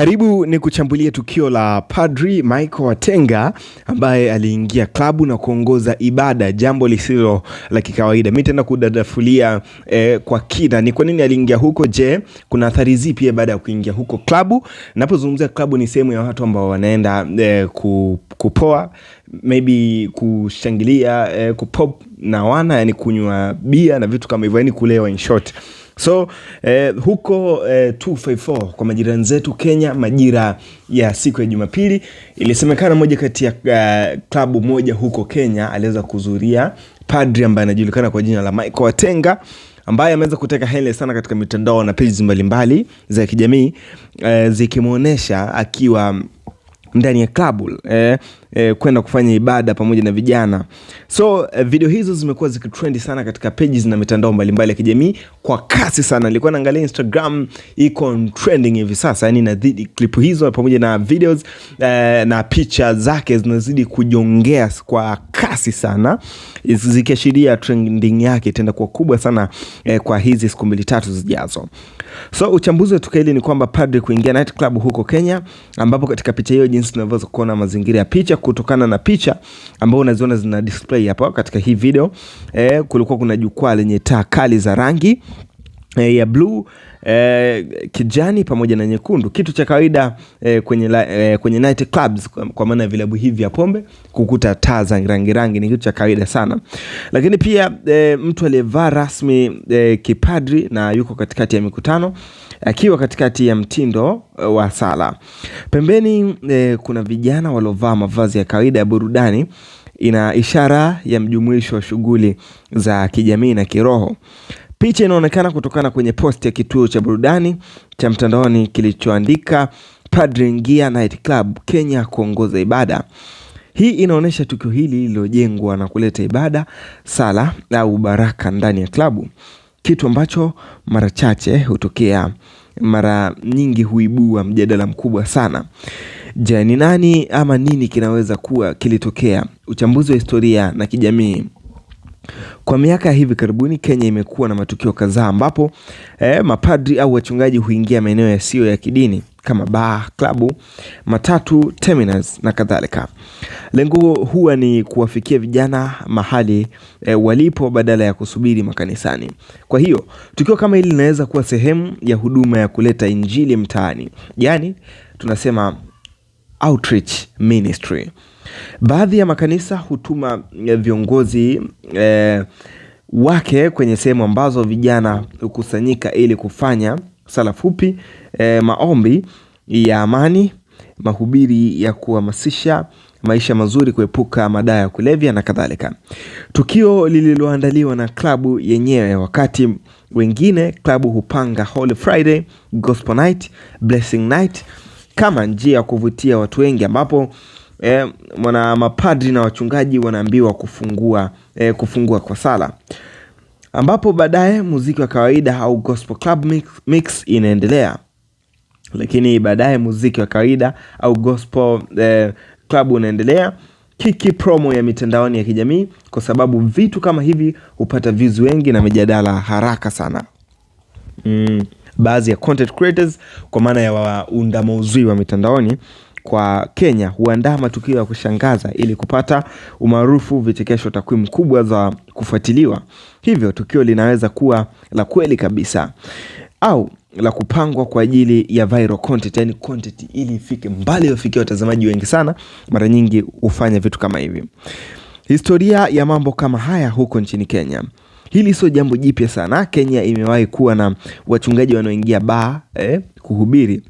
Karibu ni kuchambulia tukio la Padri Michael Watenga ambaye aliingia klabu na kuongoza ibada, jambo lisilo la kikawaida. Mimi tena kudadafulia eh, kwa kina ni kwa nini aliingia huko. Je, kuna athari zipi baada ya kuingia huko klabu? Napozungumzia klabu, ni sehemu ya watu ambao wanaenda eh, kupoa maybe kushangilia eh, kupop na wana yani kunywa bia na vitu kama hivyo, yani kulewa in short So eh, huko eh, 254 kwa majira zetu Kenya, majira ya siku ya Jumapili ilisemekana moja kati ya uh, klabu moja huko Kenya aliweza kuzuria padri ambaye anajulikana kwa jina la Michael Watenga ambaye ameweza kuteka hele sana katika mitandao na pages mbalimbali za kijamii eh, zikimwonyesha akiwa ndani ya klabu eh, eh, kwenda kufanya ibada pamoja na vijana. So eh, video hizo zimekuwa zikitrendi sana katika pages na mitandao mbalimbali ya kijamii kwa kasi sana. Nilikuwa naangalia Instagram iko trending hivi sasa, yani inazidi clip hizo pamoja na videos eh, na picha zake zinazidi kujongea kwa kasi sana zikiashiria trending yake itaenda kuwa kubwa sana eh, kwa hizi siku mbili tatu zijazo. So uchambuzi wa tukio hili ni kwamba padri kuingia nightclub huko Kenya, ambapo katika picha hiyo jinsi tunavyoweza kuona mazingira ya picha kutokana na picha ambao unaziona zina display hapa katika hii video e, kulikuwa kuna jukwaa lenye taa kali za rangi e, ya bluu e, eh, kijani pamoja na nyekundu, kitu cha kawaida e, kwenye, la, e, kwenye night clubs, kwa maana ya vilabu hivi vya pombe kukuta taa za rangi rangi ni kitu cha kawaida sana, lakini pia e, mtu aliyevaa rasmi e, kipadri na yuko katikati ya mikutano akiwa katikati ya mtindo e, wa sala. Pembeni e, kuna vijana waliovaa mavazi ya kawaida ya burudani. Ina ishara ya mjumuisho wa shughuli za kijamii na kiroho. Picha inaonekana kutokana kwenye posti ya kituo cha burudani cha mtandaoni kilichoandika Padre Ngia Night Club Kenya kuongoza ibada. Hii inaonyesha tukio hili lililojengwa na kuleta ibada, sala au baraka ndani ya klabu kitu ambacho mara chache hutokea, mara nyingi huibua mjadala mkubwa sana. Je, ni nani ama nini kinaweza kuwa kilitokea? Uchambuzi wa historia na kijamii. Kwa miaka ya hivi karibuni Kenya imekuwa na matukio kadhaa ambapo eh, mapadri au wachungaji huingia maeneo yasiyo ya kidini kama ba klabu, matatu, terminals na kadhalika. Lengo huwa ni kuwafikia vijana mahali e, walipo badala ya kusubiri makanisani. Kwa hiyo tukio kama hili linaweza kuwa sehemu ya huduma ya kuleta injili mtaani, yaani tunasema outreach ministry. Baadhi ya makanisa hutuma eh, viongozi e, wake kwenye sehemu ambazo vijana hukusanyika ili kufanya sala fupi e, maombi ya amani, mahubiri ya kuhamasisha maisha mazuri, kuepuka madawa ya kulevya na kadhalika. Tukio lililoandaliwa na klabu yenyewe, wakati wengine klabu hupanga Holy Friday, Gospel Night, Blessing Night kama njia ya kuvutia watu wengi ambapo eh, mwana mapadri na wachungaji wanaambiwa kufungua, eh, kufungua kwa sala ambapo baadaye muziki wa kawaida au gospel club mix, mix inaendelea. Lakini baadaye muziki wa kawaida au gospel eh, club unaendelea kiki promo ya mitandaoni ya kijamii, kwa sababu vitu kama hivi hupata views wengi na mijadala haraka sana mm. Baadhi ya content creators kwa maana ya waunda mauzui wa mitandaoni kwa Kenya huandaa matukio ya kushangaza ili kupata umaarufu, vichekesho, takwimu kubwa za kufuatiliwa. Hivyo tukio linaweza kuwa la kweli kabisa au la kupangwa kwa ajili ya viral content, yani content ili ifike mbali, wafikia watazamaji wengi sana. Mara nyingi hufanya vitu kama hivi. Historia ya mambo kama haya huko nchini Kenya. Hili sio jambo jipya sana. Kenya imewahi kuwa na wachungaji wanaoingia baa eh, kuhubiri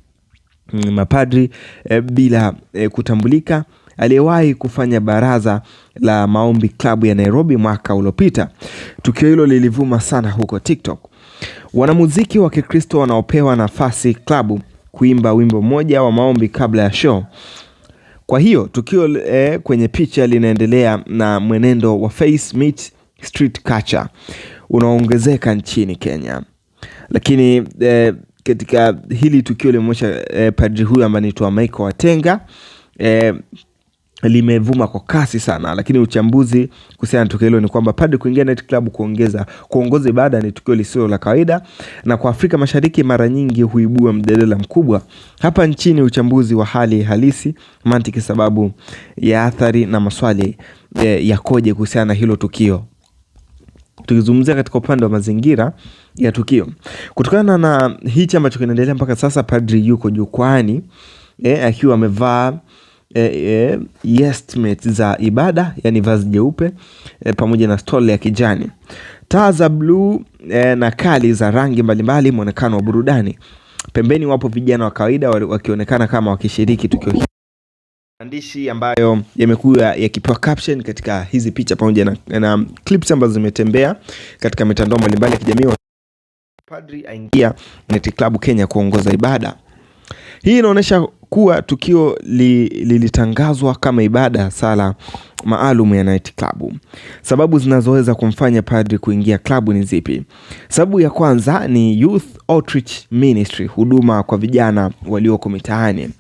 Mm, mapadri e, bila e, kutambulika aliyewahi kufanya baraza la maombi klabu ya Nairobi mwaka uliopita. Tukio hilo lilivuma sana huko TikTok. Wanamuziki wa Kikristo wanaopewa nafasi klabu kuimba wimbo mmoja wa maombi kabla ya show. Kwa hiyo tukio e, kwenye picha linaendelea na mwenendo wa face meet street culture unaoongezeka nchini Kenya, lakini e, katika hili tukio limeonyesha eh, padri huyu ambaye anaitwa Michael Watenga eh, limevuma kwa kasi sana, lakini uchambuzi kuhusiana na tukio hilo ni kwamba padri kuingia club kuongeza kuongoza ibada ni tukio lisilo la kawaida, na kwa Afrika Mashariki mara nyingi huibua mdelela mkubwa. Hapa nchini uchambuzi wa hali halisi, mantiki, sababu ya athari na maswali eh, yakoje kuhusiana na hilo tukio tukizungumzia katika upande wa mazingira ya tukio, kutokana na hichi ambacho kinaendelea mpaka sasa, padri yuko jukwani eh, akiwa amevaa eh, eh, yes, za ibada, yani vazi jeupe eh, pamoja na stole ya kijani, taa za bluu eh, na kali za rangi mbalimbali, mwonekano wa burudani. Pembeni wapo vijana wa kawaida wakionekana kama wakishiriki tukio hili. Maandishi ambayo yamekuwa yakipewa caption katika hizi picha pamoja na, na clips ambazo zimetembea katika mitandao mbalimbali ya kijamii. Padri aingia Net Club Kenya kuongoza ibada. Hii inaonyesha kuwa tukio lilitangazwa li, kama ibada sala maalum ya Night Club. Sababu zinazoweza kumfanya padri kuingia klabu ni zipi? Sababu ya kwanza ni Youth Outreach Ministry, huduma kwa vijana walioko mitaani.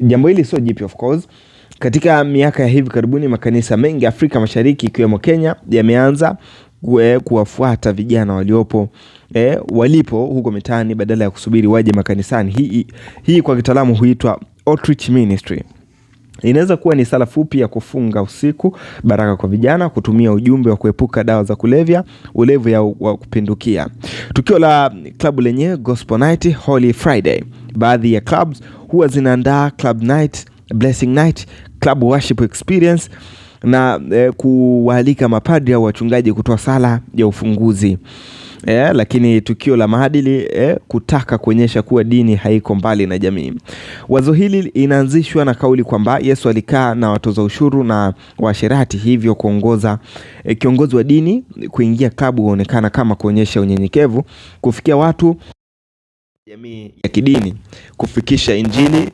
Jambo hili sio jipya of course. Katika miaka ya hivi karibuni makanisa mengi Afrika Mashariki ikiwemo Kenya yameanza eh, kuwafuata vijana waliopo e, walipo huko mitaani badala ya kusubiri waje makanisani. Hii, hii kwa kitaalamu huitwa outreach ministry. Inaweza kuwa ni sala fupi ya kufunga usiku, baraka kwa vijana, kutumia ujumbe wa kuepuka dawa za kulevya, ulevu ya wa kupindukia. Tukio la klabu lenyewe Gospel Night Holy Friday. Baadhi ya clubs huwa zinaandaa club night, blessing night, club worship experience na e, kuwaalika mapadri au wachungaji kutoa sala ya ufunguzi. e, lakini tukio la maadili e, kutaka kuonyesha kuwa dini haiko mbali na jamii. Wazo hili inaanzishwa na kauli kwamba Yesu alikaa na watoza ushuru na washerati, hivyo kuongoza e, kiongozi wa dini kuingia klabu huonekana kama kuonyesha unyenyekevu, kufikia watu jamii ya kidini kufikisha Injili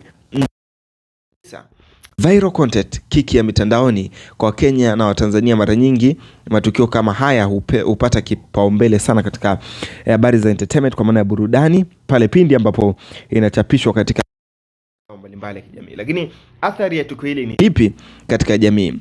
Viral content kiki ya mitandaoni kwa Kenya na Watanzania. Mara nyingi matukio kama haya upe, hupata kipaumbele sana katika eh, habari za entertainment, kwa maana ya burudani, pale pindi ambapo inachapishwa katika mbalimbali ya kijamii. Lakini athari ya tukio hili ni ipi katika jamii?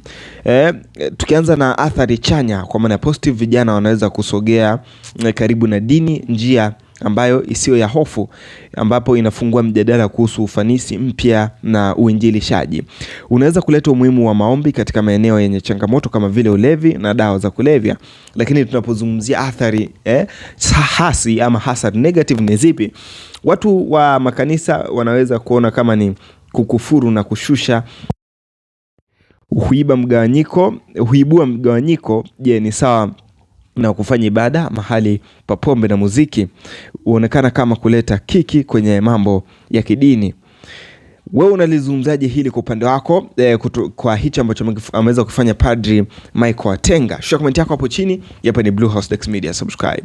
E, tukianza na athari chanya, kwa maana positive, vijana wanaweza kusogea eh, karibu na dini, njia ambayo isiyo ya hofu, ambapo inafungua mjadala kuhusu ufanisi mpya na uinjilishaji. Unaweza kuleta umuhimu wa maombi katika maeneo yenye changamoto kama vile ulevi na dawa za kulevya, lakini tunapozungumzia athari eh, hasi ama hasad negative ni zipi, watu wa makanisa wanaweza kuona kama ni kukufuru na kushusha huiba mgawanyiko, huibua mgawanyiko. Je, ni sawa na kufanya ibada mahali pa pombe na muziki huonekana kama kuleta kiki kwenye mambo ya kidini. Wewe unalizungumzaje hili kwa upande wako e, kutu, kwa hicho ambacho ameweza kufanya Padri Michael Atenga? Shusha komenti yako hapo chini. Hapa ni Blue House Dax Media, subscribe.